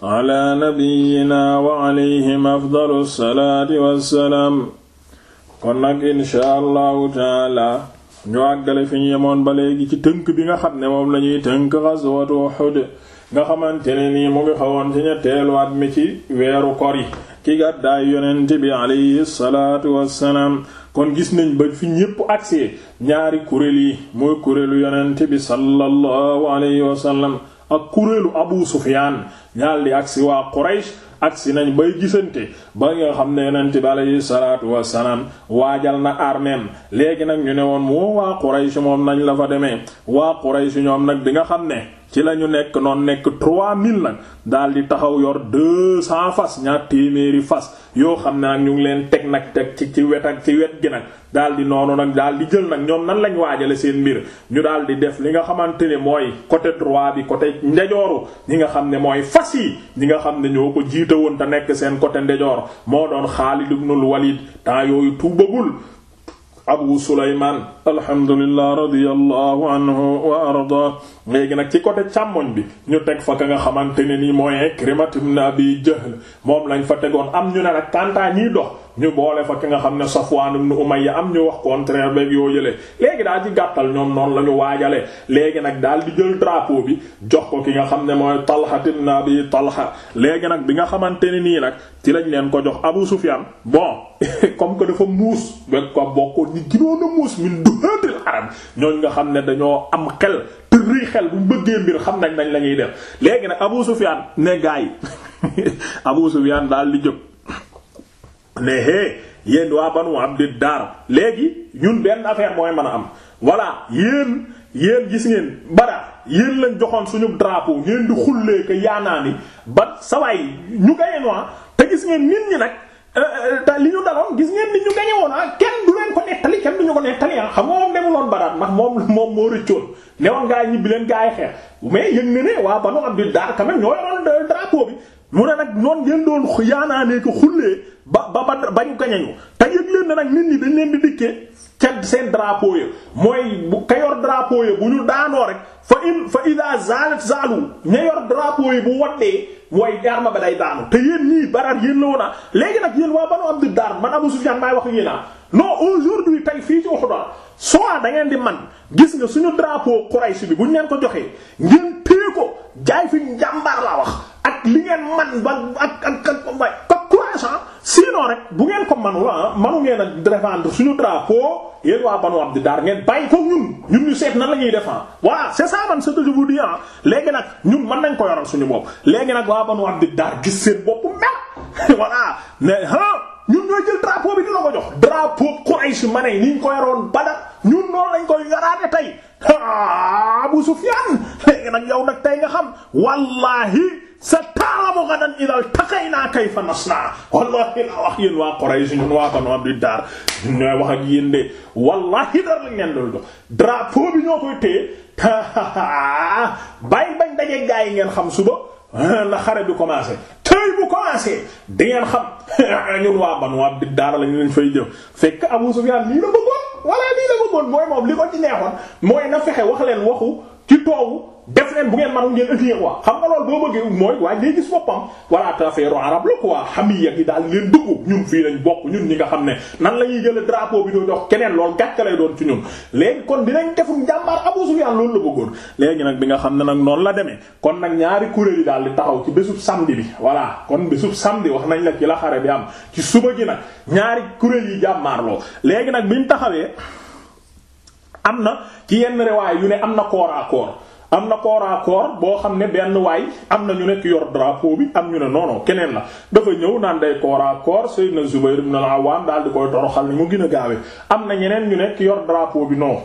ala nabiyyina wa alayhim afdalu salaati wassalaam kon nag inshaa allahu taala ñu àggale fi ñu yemoon ba léegi ci tënk bi nga xam ne moom lañuy ñuy tënk ghazwatu Uhud nga xamante ne nii mu ngi xawoon ci mi ci weeru kor yi ki gàddaay yonent bi alayhi salaatu wassalaam kon gis nañ ba fi ñépp agsee ñaari kuréel yi mooy kuréelu yonent bi sallallahu alayhi wasallam ak kuréelu Abu Sufyaan daal di agsi waa Quraysh agsi nañ bay gisante ba nga xam ne yonent bi alayhi salaatu wassalaam waajal na armeem léegi nag ñu ne woon moo waa Quraysh moom nañ la fa demee waa Quraysh ñoom nag di nga xam ne ci la ñu nekk noon nekk trois mille nag daal di taxaw yor deux cent fas ñaar téeméeri fas yoo xam ne nag ñu ngi leen teg nag teg ci ci wet ak ci wet gi nag daal di noonu nag daal di jël nag ñoom nan lañ waajale seen mbir ñu daal di def li nga xamante ne mooy côté droit bi côté ndejooru ñi nga xam ne mooy fas yi ñi nga xam ne ñoo ko jiite woon te nekk seen côté ndejoor moo doon Xaalid ibnul Walid temps yooyu tuubagul abu sulaymaan alhamdulillah radiyallahu anhu wa arda léegi nag ci côté càmmoñ bi ñu teg fa ka nga xamante ne nii mooy Ikrimat ibn Abi Jahl moom lañ fa tegoon am ñu ne nag kantaa ñiy dox ñu boole fa ki nga xam ne Safwaan ibn yi am ñu wax contraire beeg yoo yële léegi daal ci gàttal ñoom noonu la ñu waajale léegi nag daal di jël drapeau bi jox ko ki nga xam ne mooy Talha ibn Abi Talha léegi nag bi nga xamante ne nii nag ci lañ leen ko jox Abu Sufyaan bon comme que dafa muus beeg ko bokk ni ginoon a muus min duhaatil arab ñooñ nga xam ne dañoo am xel tëri xel bu bëggee mbir xam nañ nañ la ñuy def léegi nag Abu Sufyaan ne gaay Abu Sufyaan daal di jóg ne hé yéen waa banu abdi daar léegi ñun benn affaire mooy man a am voilà yéen yéen gis ngeen bara yéen lañ joxoon suñu drapeau ngeen di xullee ko yaanaani ba sawaay ñu gaye noa te gis ngeen nit ñi nag euh, euh, te li ñu daloon gis ngeen ni ñu gañe woon ah kenn du leen ko nettali kenn du ñu ko nettali ah xam nga moom demuloon baraat ndax moom moom moo rëccoon ne woon ñibbi leen gaa yi xeex mais yëg na ne waa banu abdi daar quand même ñoo yoroon euh, drapeau bi mu ne nag noon ngeen doon yaanaanee ko xullee ba ba ba bañu gañañu te yëg leen ne nag nit ñi dañ leen di dikkee ca seen drapeau ya mooy bu ka yor drapeau ya bu ñu daanoo rek fa in fa ida zalat zalu ña yor drapeau yi bu waddee mooy arma ba day daanu te yéen ñii barar yéen la léegi nag yéen waa banu abdi daar man Abu Sufyan maay wax yéen a non aujourd'hui tey fii ci Uhud soo da ngeen di man gis nga suñu drapeau Quraysh bi bu ñu leen ko joxee ngeen téye ko jaay fi njàmbaar laa wax li ngeen man ba ak ak ak ba ak rek bu ngeen ko manul ah manu ngeen a défendre suñu drapeau yéen waa Banu Abd Dar ngeen bàyyi ko ñun ñun ñu seet na la ñuy défendre voilà c'est ça man ce que je vous ah léegi nag ñun mën nañ ko yoral suñu bopp léegi nag waa Banu Abd Dar gis seen bopp mel voilà mais ah. ñun ñoo jël drapeau bi dina ko jox drapeau Quraysh ma ne ni ñu ko yaroon Badar ñun noonu lañ koy yaraate tey Abu Sufyaan léegi nag yow nag tey nga xam wallahi sa taalamu gadan idal taqaynaa kayfa nasnaa wallahi la wax yéen waa Quraysh ñun waa Banu Abdid Daar ñun ka wax ak wallahi dara lañ leen doon jox drapeau ñoo koy téye bàyyi bañ daje gaa yi ngeen xam suba la xare bi commencé tey bu commencé di ngeen xam ñun waa Banu Abdid Daar lañ leen fay jëf fekk lii la bëggoon walla lii la bëggoon mooy moom li ko ci neexoon mooy na fexe wax leen waxu ci toowu def leen bu ngeen manu ngeen ëppee quoi xam nga loolu boo bëggee mooy waaye day gis boppam voilà affaire arab la quoi xamiya gi daal leen dugg ñun fii lañ bokk ñun ñi nga xam ne nan la ñuy jëlee drapeau bi doo jox keneen loolu gàcce lay doon ci ñun. léegi kon dinañ defum jàmbaar Abu Sufyaan loolu la bëggoon léegi nag bi nga xam ne nag noon la demee kon nag ñaari kuréel yi daal di taxaw ci bésub samedi bi voilà kon bésub samedi wax nañ la ci la xare bi am ci suba gi nag ñaari kuréel yi jàmmaarloo léegi nag biñ taxawee am na ci yenn riwaay yu ne am na koor à am na corps à boo xam ne benn waay am na ñu nekk yor drapeau bi am ñu ne non keneen na dafa ñëw naan day corps à corps Seydina Zubayr ibn al-Awwam daal di koy toroxal ni mu gën a gaawe am na ñeneen ñu nekk yor drapeau bi non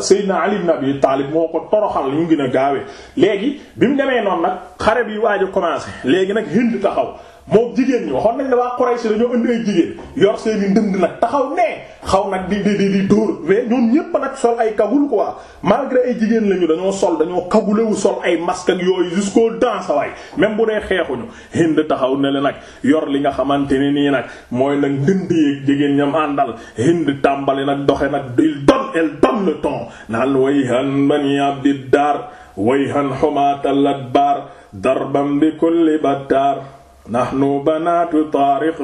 Seydina Ali ibn bi Talib moo ko toroxal ni mu gën a gaawe léegi bi mu demee noonu nag xare bi waaj a commencé léegi nag Hind taxaw moo jigéen ñi waxoon nañ ne waa Quraysh dañoo indi ay jigéen yor seeni ndënd nag taxaw nee xaw nag di di di dóor ñoom ñépp nag sol ay kawul quoi malgré ay jigéen lañu dañoo sol dañoo kabulewu sol ay masque ak yooyu jusqu'aux dents sa waay même bu dee xeexuñu Hind taxaw ne la nag yor li nga xamante ne nii nag mooy nag ndënd yeeg jigéen ñam àndal Hind tàmbali nag doxe nag il donne elle donne le ton naan wayhan bani abdi dar wayhan humaatal akbar darban nahnu banaatu taariq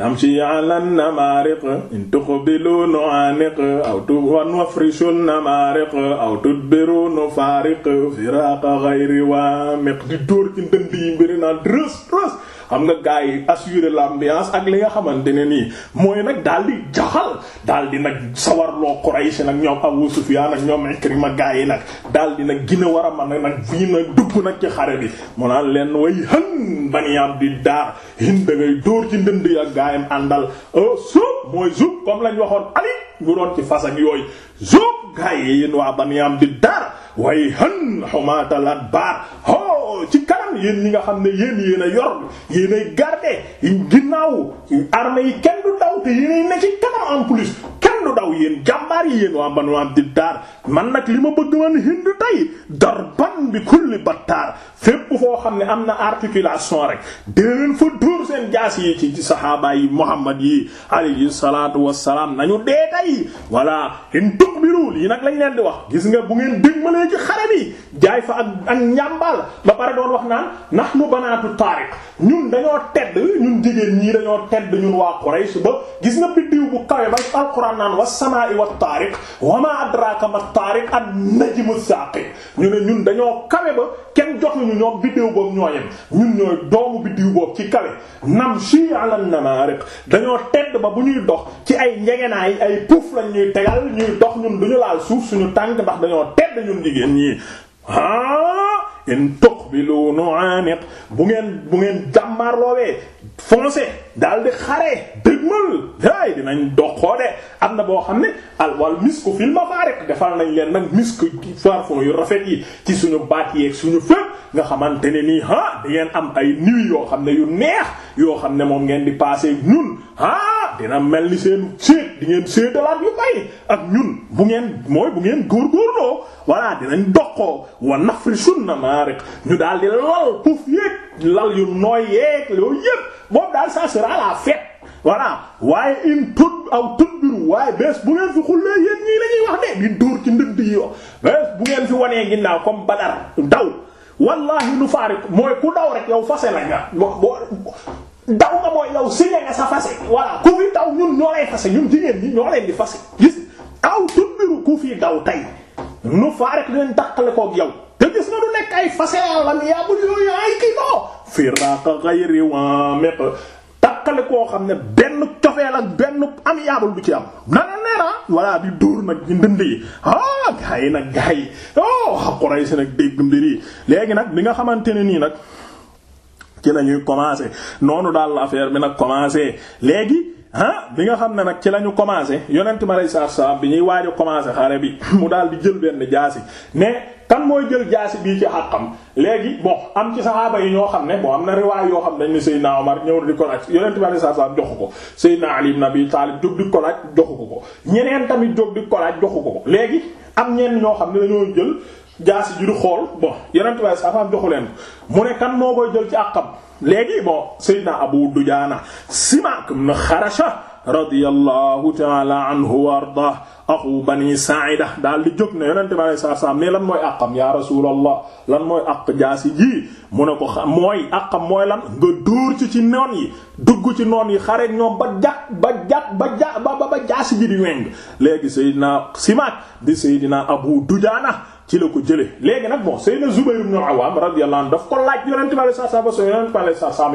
namshi ala namaariq in tuqbilu nu'aaniq aw tuwan wafrishu namaariq aw tudbiru nufaariq firaaqa ghayri waamiq di dóor ci ndënd yi mbiri naan rës rës xam nga gars yi assurer l'ambiance ak li nga xamante ne nii mooy nag daal di jaxal daal di nag sawarloo Quraysh nag ñoom Abu Sufyaan nag ñoom Ikrima gars yi nag daal di nag gina war a mën nag fii nag dugg nag ci xare bi moo naan leen way hën bani Abdiddaar Hind ngay dóor ci ndënd yi ak gaayam àndal suub euh, mooy suub comme lañ waxoon ali ñu doon ci fas ak yooyu suub gaay yi waa bani Abdiddaar way hën xumaatal baar ci kanam yéen ñi nga xam ne yéen yéen a yor yéen ay garder ginnaaw armée yi kenn du daw te yéen ne ci kanam en kenn du daw yéen jàmbaar yi yéen waa Banu Abdid Dar man nag li ma bëgg man Hind tey darban bi kulli battaar fépp foo xam ne am na articulation rek dee leen fa dóor seen jaas yi ci saxaaba yi Muhammad yi alayhi salaatu wassalaam nañu dee tey voilà in tukbiru yi nag lañ leen di wax gis nga bu ngeen dégmalee ci xare yaay fa ak ak njàmbaal ba pare doon wax naan nahnu banaatu taariq ñun dañoo tedd ñun jigéen ñii dañoo tedd ñun waa su ba gis nga biddiw bu kawe ba alquran naan was samaa'i wat taariq wa ma adraka mat taariq an najmu saaqi ñu ne ñun dañoo kawe ba kenn jox joxuñu ñoom biddiw boobu ñoo yem ñun ñooy doomu biddiw boobu ci kawe namshi ala namaariq dañoo tedd ba bu ñuy dox ci ay njegenaay ay puuf lañ ñuy tegal ñu dox ñun duñu laal suuf suñu tànk ndax dañoo tedd ñun jigéen ñi ah in tuqbilu nu'aniq bu ngeen bu ngeen jàmmarloowee foncé daal di xare dégmal daay dinañ dox de am na boo xam ne al wal misku fil mafariq defal nañ leen nag misk parfum yu rafet yi ci suñu baat yeeg suñu fépp nga xamante ne nii ah di ngeen am ay niw yoo xam ne yu neex yoo xam ne moom ngeen di passé ñun ah dina mel ni seen séet di ngeen séetalaat yu bari ak ñun bu ngeen mooy bu ngeen góorgóorloo voilà dinañ doqoo wa nafri sunna maariq ñu daal di lal puuf yéeg lal yu nooy yeeg loolu yépp moom daal ça sera la fête voilà waaye in tut aw tudbiru waaye bees bu ngeen fi xullee yéen ñii la wax de di dóor ci ndënd yi wax bees bu ngeen fi wanee ginnaaw comme badar daw wallahi nu faariq mooy ku daw rek yow fase la nga daw nga mooy yow signé nga sa fase voilà ku fi daw ñun ñoo fase ñun jigéen ñi fase gis aw tudbiru ku fi daw tey nu faarek leen dàqale koog yow te gis nga du nekk ay fase yàllam yaabul yooyu ay kii noo firaqa ghayri wamiq dàqale koo xam ne benn cofeel ak benn am yaabul du ci am nana neera na ah. di dóor nag di ndënd yi ah gaay nag gaay oh nag dégg mbir yi léegi nag bi nga xamante ne nii nag ci la ñuy commencé noonu daal la affaire bi nag commencé léegi ah bi nga xam ne nag ci la ñu commencé yonent ma lay saa bi ñuy waaj a commencé xare bi mu daal di jël benn jaasi mais kan mooy jël jaasi bii ci àqam léegi bon am ci saxaaba yi ñoo xam ne bon am na yoo xam ne ni Seydina Omar ñëw di ko laaj yonent bi saa saa joxu ko Seydina Ali ibn Abi Talib jóg di ko laaj joxu ko ko ñeneen tamit jóg di ko laaj joxu ko ko léegi am ñenn ñoo xam ne dañoo jël jaasi ji di xool bon yonent bi saa joxu leen ko mu ne kan moo koy jël ci àqam. léegi bon Seydina Abu Dujaana Simaak ibn Xarasha radiyallahu ta'ala anhu wa ardaah axu bani Saa'ida daal di jóg ne yonente bi alayhi salaatu salaam ne lan mooy àqam ya rasuulallah lan mooy àq jaasi ji mu ne ko mooy àqam mooy lan nga dóor ci ci noon yi dugg ci noon yi xareet ñoo ba jàq ba jàq di weng léegi Seydina Simaak di Seydina Abu Dujaana ci la ko jële léegi nag bon Seydina Zubayr ibn Awwam radiyallahu anhu daf ko laaj yonent bi alayhi salaam so yonent bi alayhi salaam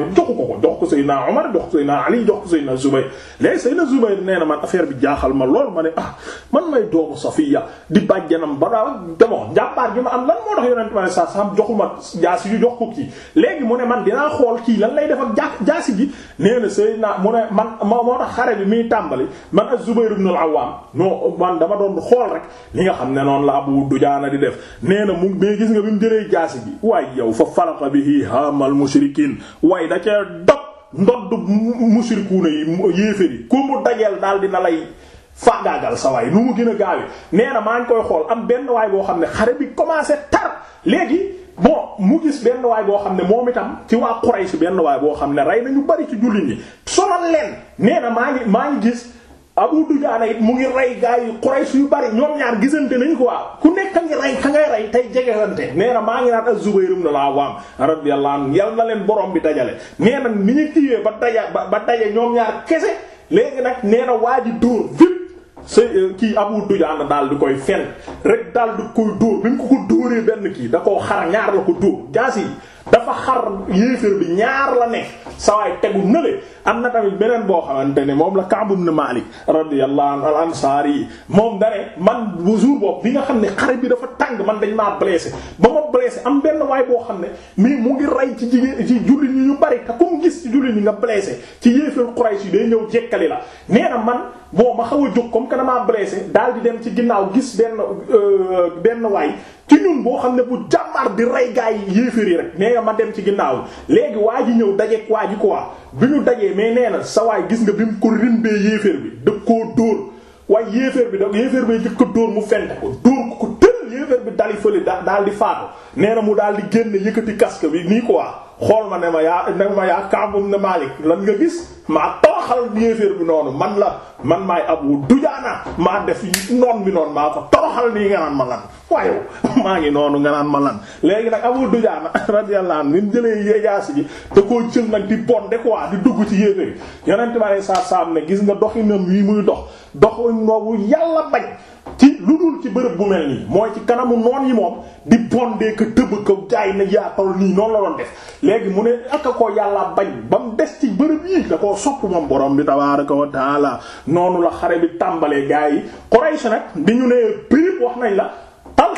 ma lool ma ne ah man may doomu Safiya di bàjjanam ba daal demoo njàppaar gi ma am lan moo tax yonent bi alayhi salaam joxuma jaasi yu jox ko kii léegi mu ne man dinaa xool kii lan lay def ak ja jaasi gi nee na Seydina mu ne man moo tax xare bi muy tàmbali man ak Zubayr ibn Awwam non man dama doon xool rek li nga xam ne noonu la Abu Dujaana def nee na mu mais gis nga bi mu jëlee jaasi bi waaye yow fa falaqa bihi hamal mushrikiin waaye da ca dog ndodd mushrikuuna yi yéeféri ku mu dajeel daal dina lay faagaagal sa waay lu mu gën a gaawe nee na maa ngi koy xool am benn waay boo xam ne xare bi commencé tar léegi bon mu gis benn waay boo xam ne moom itam ci waa si benn waay boo xam ne rey nañu bari ci julli ñi sonal leen nee maa ngi maa ngi gis Abu Dujaana it mu ngi rey gaa yi Quraysh yu bari ñoom ñaar gisante nañu ko waaw ku nekk a ngi rey ka ngay rey tey jegesante nee na maa ngi naan Az-Zubayr ibn al-Awwam radiyallahu anhu yal na leen borom bi dajale nee na ni ñu téyee ba daja ba daje ñoom ñaar kese léegi nag nee na waa ji dóor vip sa euh, kii Abu Dujaana daal di koy fen rek daal di koy dóor bi mu ko ko dóoree benn kii da koo xar ñaar la ko dóor jaas dafa xar yéeféer bi ñaar la nekk sawaay tegu nële am na tamit beneen boo xamante ne moom la Ka'b ibn Malik radiyallahu anhu al ansari moom dane man bu jour boobu bi nga xam ne xare bi dafa tàng man dañ maa blessé ba ma blessé am benn waay boo xam ne mii mu ngi rey ci jigéen ci julli ñi yu bari te ku gis ci julli ñi nga blessé ci yéeféer Quraysh yi day ñëw jekkali la nee man bon ma xaw a jóg comme que damaa blessé daal di dem ci ginnaaw gis benn euh, benn waay ci ñun boo ne bu jàmbaar di rey ma dem ci ginnaaw léegi waa ji ñëw dajeeg waa ji quoi bi ñu dajee mais nee na sa waay gis nga bi mu ko rimbee yéeféer bi da koo dóor waaye yéeféer bi da yéeféer bi jëkk ko dóor mu fent ko dóor ko ko tël yéeféer bi dali fële daal di faatu nee na mu daal di génn yëkkati casque bi nii quoi xool ma ne ma yaa ne ma yaa kaabum ne Malik lan nga gis maa toroxal yéeféer bi noonu man la man maay abu dujaana maa def noon bi noonu maa ko toroxal nii nga naan ma lan waaye maa ngi noonu nga naan ma lan léegi nag abu dujaana radiyallahu anhu ni mu jëlee yaasi ji te koo jël nag di ko quoi di dugg ci yéeféer yi yonent bi alei saatu salaam ne gis nga doxinam yi muy dox doxin noobu yàlla bañ ci lu dul ci bërëb bu mel nii mooy ci kanamu noon yi moom di bondee ko tëb ko jaay na yaatal nii noonu la doon def léegi mu ne aka ko yàlla bañ ba mu des ci bërëb yi da koo sopp moom borom bi tabaaraka wa la noonu la xare bi tàmbalee gaa yi Quraysh nag di ñu ne prix wax nañ la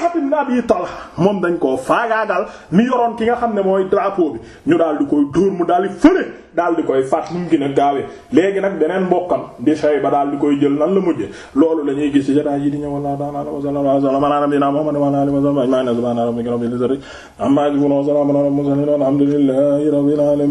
Talha ibn Abi Talha moom dañ koo faagaagal mi yoroon ki nga xam ne mooy drapeau bi ñu daal di koy dóor mu daal di fële daal di koy faat nu mu gën a gaawee léegi nag beneen mbokkam di Shayba daal di koy jël nan la mujjee loolu la ñuy gis ci jotaay yi di ñëw wala daanaka wasalaamaaleykum salaam ala nabiyina Muhammad wa ala alihi wa sahbihi ajma'in subhana rabbika rabbil izzati amma yasifun wa salamun ala al mursalin walhamdulillahi rabbil alamin